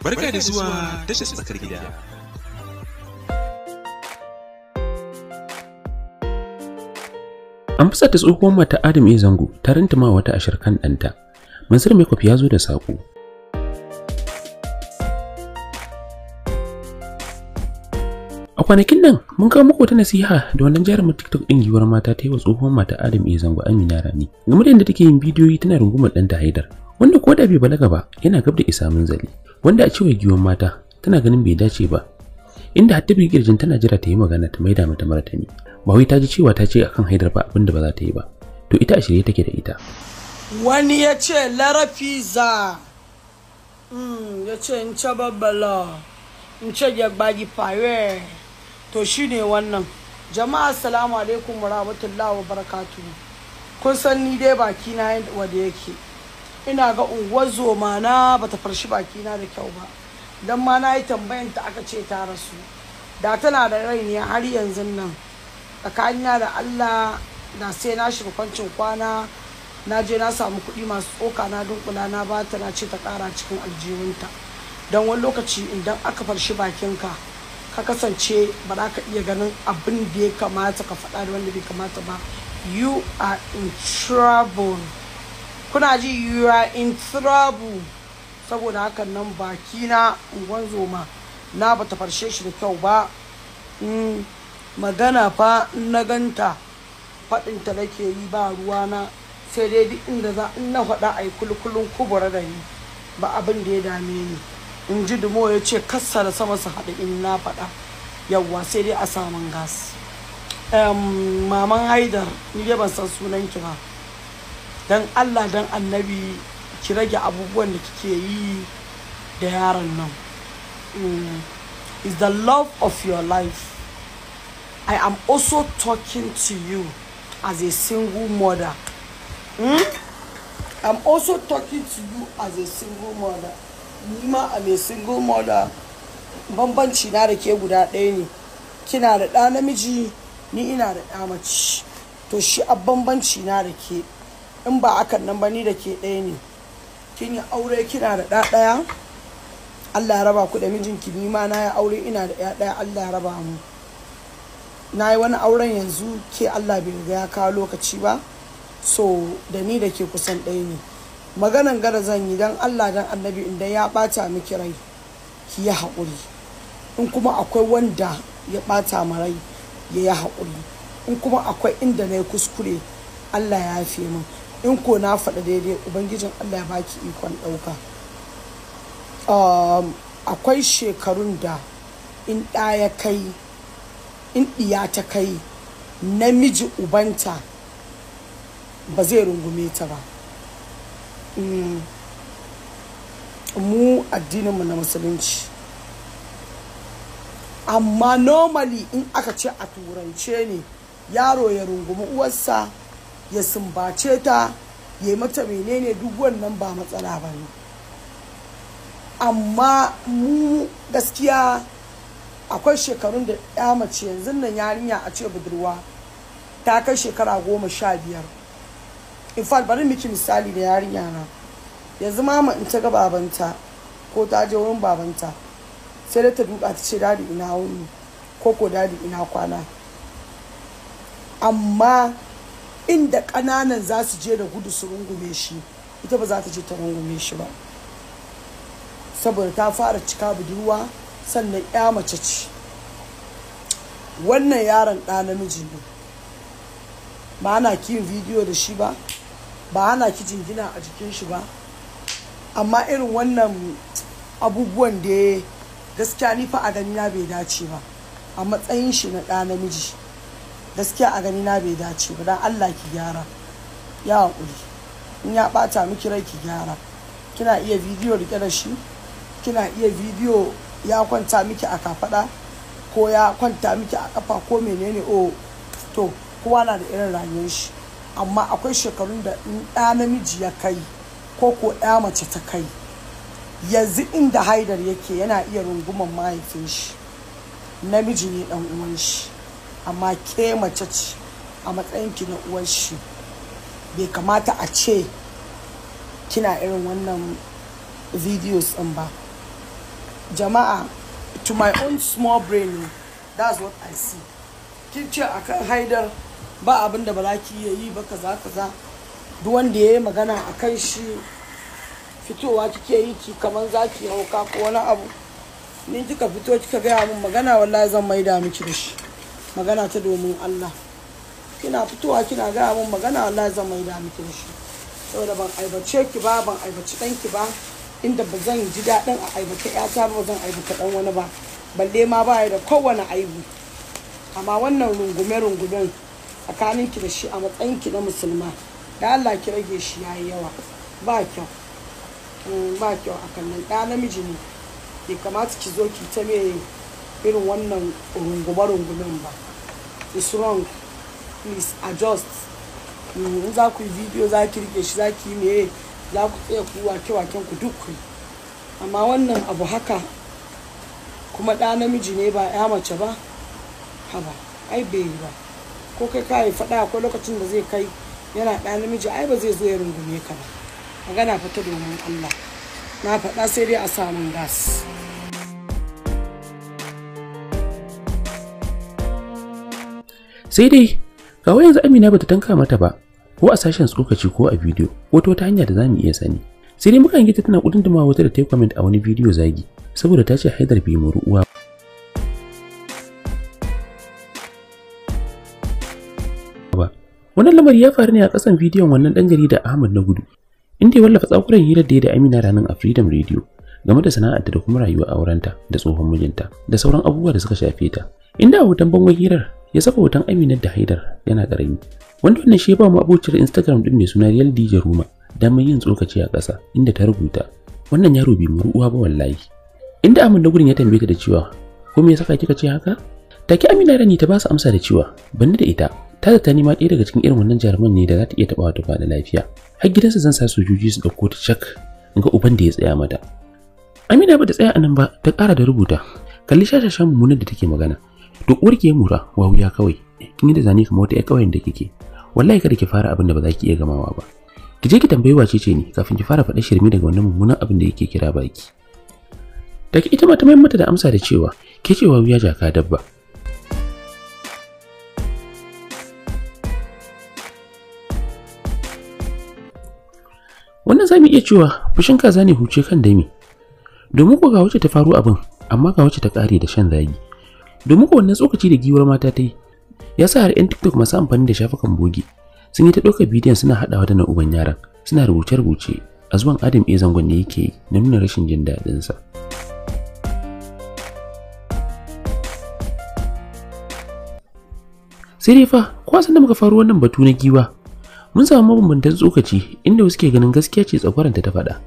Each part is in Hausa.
Barka da zuwa tashar tsakar gida. An fusa ta tsohuwar mata Adam A. Zango ta rantama wata ashir kan ɗanta. Mansur Maikop ya zo da saƙo. A kwanakin nan mun kawo muku wata nasiha da wannan jarumin TikTok ɗin giwar mata ta yi wa tsohuwar mata Adam A. Zango Amina Rani game da yadda take yin bidiyoyi tana rungumar ɗanta Haidar. wanda ko da bai balaga ba yana gab da isa zali wanda a cewa giwon mata tana ganin bai dace ba inda hatta bi girjin tana jira ta yi magana ta maida mata martani ba wai ta ji cewa ta ce akan haidar ba abinda ba za ta yi ba to ita a shirye take da ita wani ya ce larafi za hmm, ya ce in ce babbala in ce gyagbagi fare to shi ne wannan jama'a assalamu alaikum wa rahmatullahi wa barakatuhu kun san ni dai baki na wanda yake ina ga unguwar zoma na ta farshi bakina da kyau ba don ma na yi tambayan ta aka ce ta rasu da tana da rai ne har yanzu nan tsakanina da allah da sai na shiga kwancin kwana na je na samu kuɗi masu tsoka na dunkula na ba ta na ce ta ƙara cikin aljihunta don wani lokaci idan aka farshi bakinka ka kasance ba za ka iya ganin abin da ya kamata ka faɗa da wanda bai kamata ba you are in trouble kuna ji you are in trouble saboda hakan nan baki na zoma na bata farshe shi da kyau ba in mm, magana fa na ganta faɗinta nake yi ba na sai dai duk inda za in na faɗa a yi kulkulun kubura da ni ba abin da ya dame ni in ji dumo ya ce kassa da sama su haɗu in na faɗa yawwa sai dai a samun gas maman haidar ni dai ban san sunan ki ba don allah don annabi ki rage abubuwan da kike yi da yaron nan mm. is the love of your life i am also talking to you as a single mother hmm? i'm also talking to you as a single mother nima a mai single mother bambanci na da ke guda ɗaya ne kina da ɗa namiji ni ina da ɗa mace to shi a bambanci na da ke in ba akan nan ba ni da ke ɗaya ne kin yi aure kina da ɗaya Allah ya raba ku da mijinki ni ma na yi aure ina da ɗaya ɗaya Allah ya raba mu na yi wani auren yanzu ke Allah bai riga ya kawo lokaci ba so da ni da ke kusan ɗaya ne maganan gara zan yi don allah don annabi inda ya ɓata miki rai ki yi haƙuri in kuma akwai wanda ya bata ma rai ya yi haƙuri in kuma akwai inda na yi kuskure allah ya fi min in ko na faɗa daidai ubangijin allah ya baki ikon ɗauka um, akwai shekarun da in ɗaya kai in ɗiya ta kai namiji ubanta ba zai rungume ta ba mm, mu addininmu na musulunci amma normally in aka ce a turance ne yaro ya rungumi uwarsa ya sumbace ta ya mata menene duk wannan ba matsala ba ne amma mu gaskiya akwai shekarun da ya mace yanzu nan yarinya a ce budurwa ta kai shekara goma sha biyar in fact bari miki misali da yarinya na yanzu mama in ta ga babanta ko ta je wurin babanta sai da ta duka ta ce dadi ina wuni ko ko dadi ina kwana amma inda ƙananan za su je da gudu su rungume shi ita ba za ta je ta rungume shi ba saboda ta fara cika budurwa sannan ya mace ce wannan yaron ɗa namiji ne ba ana kiyin bidiyo da shi ba ba ana ki jingina a jikin shi ba amma irin wannan abubuwan da gaskiya ni fa a ganina bai dace ba a matsayin shi na ɗa namiji gaskiya a gani na bai dace ba dan Allah ki gyara ya haƙuri in ya ɓata miki rai ki gyara kina iya bidiyo rike da shi kina iya bidiyo ya kwanta miki a kafaɗa ko ya kwanta miki a kafa ko menene o oh, to kowa na da irin rayuwar shi amma akwai shekarun da in ɗa namiji ya kai ko ko ɗa mace ta kai yanzu inda haidar yake yana iya runguman mahaifin shi namiji ne ɗan uwan shi amma ke mace ce a matsayin ki na uwar shi bai kamata a ce kina irin wannan videos din ba jama'a to my own small brain that's what i see kin ce akan haidar ba abin da balaki ya yi ba kaza kaza duk wanda ya yi magana a kan shi fitowa kike yi ki kamar za ki hauka ko wani abu ni kika fito kika gaya min magana wallahi zan maida miki da shi magana ta domin Allah kina fitowa kina gaya min magana Allah zan mai da miki shi saboda ban aibace ki ba ban aibaci ki ba inda ba zan ji daɗin a aibata ta ba zan aibata dan wani ba balle ma baya da kowane aibu amma wannan rungume-rungumen ki da shi a matsayin ki na musulma da Allah ki rage shi yayi yawa ba kyau mm, ba kyau a kallon ɗa namiji ne ya kamata ki zo ki ta mai irin wannan rungume-rungumen ba it's wrong please adjust mm, in za ku yi video za ki rike shi za ki yi meye za ku tsaye ku wake-waken ku duk amma wannan abu haka kuma ɗa namiji ne ba ya mace ba haba ai bai yi ba ko kai ka yi faɗa akwai lokacin da zai kai yana ɗa namiji ai ba zai zo ya rungume ka ba magana fata domin allah na faɗa sai dai a samun gas sai dai kawo yanzu amina bata tanka mata ba ko a sashen tsokaci ko a bidiyo wata wata hanya da za mu iya sani sai dai mukan gita tana kudunduma wata da ta yi comment a wani bidiyo zagi saboda ta ce haidar bai muru uwa ba wannan lamari ya faru ne a kasan bidiyon wannan dan jarida Ahmad na gudu inda ya wallafa tsakuran hirar da ya da Amina ranar a Freedom Radio game da sana'arta da kuma rayuwar aurenta da tsohon mijinta da sauran abubuwa da suka shafe ta inda a hoton bangon hirar ya saka hoton Amina da Haidar yana karami wanda wannan shi ba mu abocin Instagram din mai suna Real DJ Ruma mun yin tsokaci a ƙasa inda ta rubuta wannan yaro bai uwa ba wallahi inda Amina gurin ya tambaye ta da cewa ko me ya saka kika ce haka take Amina rani ta ba su amsa da cewa Banni da ita ta da ta nima ɗaya daga cikin irin wannan jaruman ne da za ta iya taɓa ta da lafiya har gidansa zan sa sojoji su ɗauko ta cak ga uban da ya tsaya mata Amina ba ta tsaya anan ba ta ƙara da rubuta kalli shashashan mummunan da take magana duk uwarki ya mura wa wuya kawai kin yi da zane kamar wata ya kawai da kike wallahi kada ki fara abin da ba za ki iya gamawa ba ki je ki tambayi wace ce ne kafin ki fara faɗa shirmi daga wannan mummunan abin da yake kira baki daga ita ma ta mayar mata da amsa da cewa ke cewa wuya jaka dabba wannan za iya cewa fushin kaza ne huce kan dami domin ko ga wacce ta faru abin amma ga wacce ta kare da shan zagi domin ko wannan tsokaci da giwar mata ta yi ya sa har 'yan tiktok masu amfani da shafukan bogi sun yi ta ɗaukar bidiyon suna haɗawa da nauban yaran suna rubuce-rubuce a zuwan adam e zangon da yake yi na nuna rashin jin daɗinsa sai dai fa kwasan da muka faru wannan batu na giwa mun samu mabambantan tsokaci inda wasu ke ganin gaskiya ce tsakwaranta ta faɗa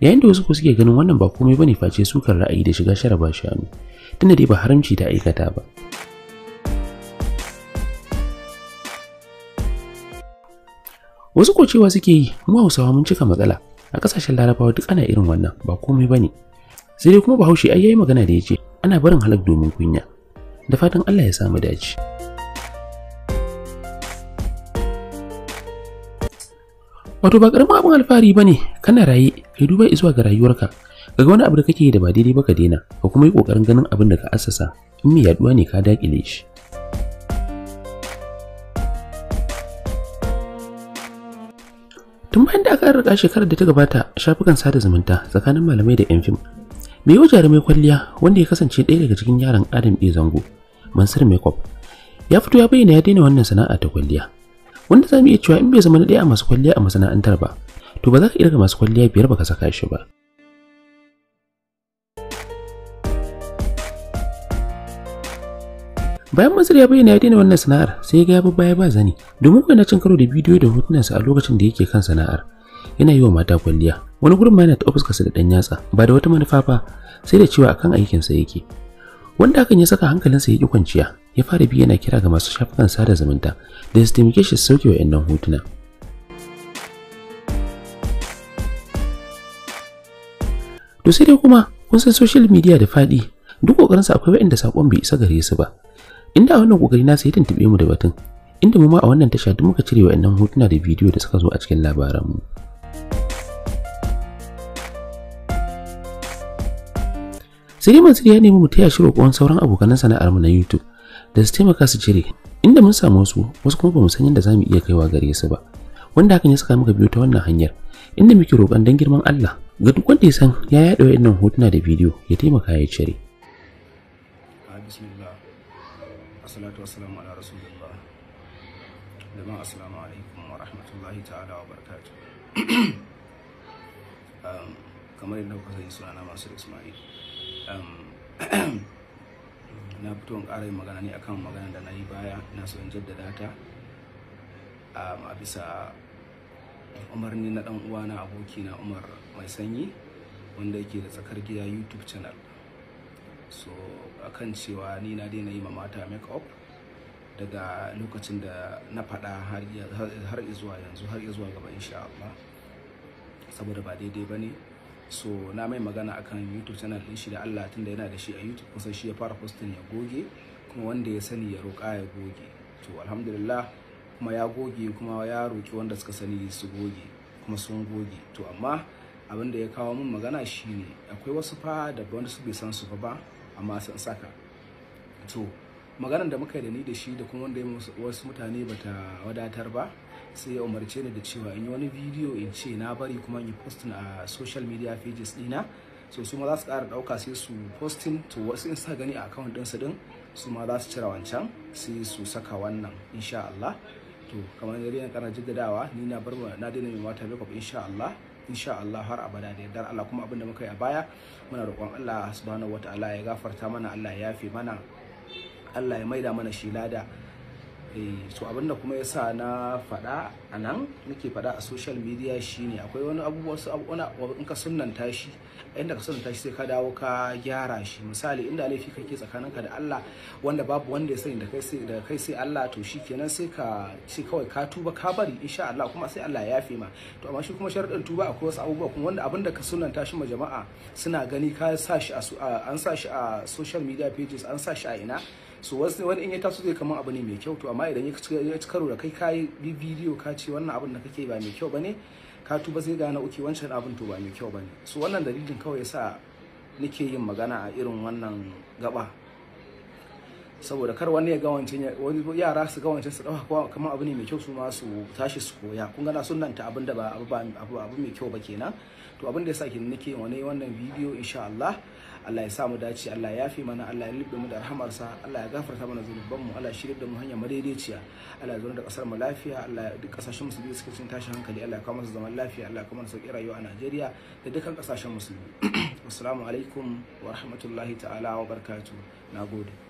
yayin da wasu suke ganin wannan ba komai bane face sukar ra'ayi da shiga sharaba shanu tunda dai ba haramci ta aikata ba wasu ko cewa suke yi mu hausawa mun cika matsala a ƙasashen larabawa duk ana irin wannan ba komai bane sai dai kuma bahaushe ai yayi magana da ya yace ana barin halak domin kunya da fatan Allah ya samu dace wato ba karamin abin alfahari bane kana raye kai duba zuwa ga rayuwarka kaga wani abu da kake yi da ba daidai ba ka daina ka kuma yi kokarin ganin abin da ka assasa in mai yaduwa ne ka dakile shi tun bayan da aka rika shekarar da ta gabata shafukan sada zumunta tsakanin malamai da 'yan fim mai yau jarumai kwalliya wanda ya kasance ɗaya daga cikin yaran adam e zango mansur makeup ya fito ya bayyana ya daina wannan sana'a ta kwalliya wanda za mu iya cewa in bai zama na ɗaya a masu kwalliya a masana'antar ba to ba za ka irga masu kwalliya biyar ba ka saka shi ba bayan masar ya bayyana ya daina wannan sana'ar sai ya ga baya ba zani domin kuwa na cin karo da bidiyo da hotunansa a lokacin da yake kan sana'ar yana yi wa mata kwalliya wani gurin ma yana ta ofiskarsa da dan yatsa ba da wata manufa ba sai da cewa akan aikinsa yake wanda hakan ya saka hankalinsa ya ƙi kwanciya ya fara bi yana kira ga masu shafukan sada zumunta da su taimake shi sauke wa 'yan hotuna to sai dai kuma kun san social media da faɗi duk ƙoƙarinsa akwai waɗanda saƙon bai isa gare su ba inda a wannan kokari na sai tuntube mu da batun inda mu ma a wannan tasha duk muka cire wa'annan hotuna da bidiyo da suka zo a cikin labaran mu sai Mansur ya nemi mu taya shi roƙon sauran abokan sana'ar mu na YouTube da su taimaka su cire inda mun samu wasu wasu kuma bamu san yadda za mu iya kaiwa gare su ba wanda hakan ya saka muka biyo ta wannan hanyar inda muke roƙon dan girman Allah ga duk wanda ya san ya yaɗa wayannan hotuna da bidiyo ya taimaka ya cire wasalamu ala rasulillah jama'a assalamu alaikum wa rahmatullahi ta'ala wa barakatuh um, kamar yadda kuka sani na masu isma'i um, na fito in ƙara yin magana ne akan magana da na yi baya na so in jaddada ta um, a bisa umarni na dan uwana abokina umar mai sanyi wanda yake da tsakar gida youtube channel so akan cewa ni na daina yi ma mata make up daga lokacin da na faɗa har zuwa yanzu har zuwa gaba insha Allah saboda ba daidai ba ne so na mai magana akan youtube channel din shi da Allah tunda yana da shi a youtube kusan shi ya fara postin ya goge kuma wanda ya sani ya roƙa ya goge to alhamdulillah kuma ya goge kuma ya roƙi wanda suka sani su goge kuma sun goge to amma abin da ya kawo min magana shine akwai wasu fa da wanda su bai san su fa ba amma sun saka to maganar da muka yi da ni da shi da kuma wanda wasu mutane bata wadatar ba sai ya umarce ni da cewa in yi wani bidiyo in ce na bari kuma in yi postin a social media pages dina so su ma za su ƙara ɗauka sai su postin to wasu in sa gani a account ɗin su ma za su cira wancan sai su saka wannan insha Allah to kamar yadda yana ƙara jaddadawa ni na bar na daina mai mata makeup insha Allah insha Allah har abada da yardar Allah kuma abin da muka yi a baya muna roƙon Allah subhanahu wataala ya gafarta mana Allah ya yafe mana Allah ya maida mana shi lada eh, so abinda kuma yasa na faɗa anan nan nake faɗa a social media shine akwai wani abubuwa su abuna in ka sunnanta shi inda ka sunnanta shi sai ka dawo ka gyara shi misali inda laifi kake tsakaninka da Allah wanda babu wanda ya sani da kai sai da kai sai Allah to shikenan sai ka ce kawai ka tuba ka bari insha Allah kuma sai Allah ya yafe ma to amma shi kuma sharadin tuba akwai wasu abubuwa kuma wanda abinda ka sunnanta shi ma jama'a suna gani ka sa shi a an sa shi a social media pages an sa shi a ina so wasu wani in ya taso zai kaman abu ne mai kyau to amma idan ya ci karo da kai kayi bidiyo ka ce wannan abin da kake ba mai kyau bane ka tuba zai gane uke wancan abin to ba mai kyau bane so wannan dalilin kawai yasa nake yin magana a irin wannan gaba saboda kar wani ya ga wancan wani yara su ga wancan su kuma kamar abu ne mai kyau su ma su tashi su koya kun gana ta abin da ba abu mai kyau ba kenan to abin da yasa ke nake wani wannan bidiyo insha Allah Allah ya sa mu dace Allah ya yafe mana Allah ya lubbe mu da rahamarsa Allah ya gafarta mana zunuban mu Allah ya shirye da mu hanya madaidaiciya Allah ya zo da kasar mu lafiya Allah duk kasashen musulmi suke cikin tashin hankali Allah ya kawo mana zaman lafiya Allah ya kawo mana sauki rayuwa a Najeriya da dukkan kasashen musulmi assalamu alaikum wa rahmatullahi ta'ala wa barakatuh nagode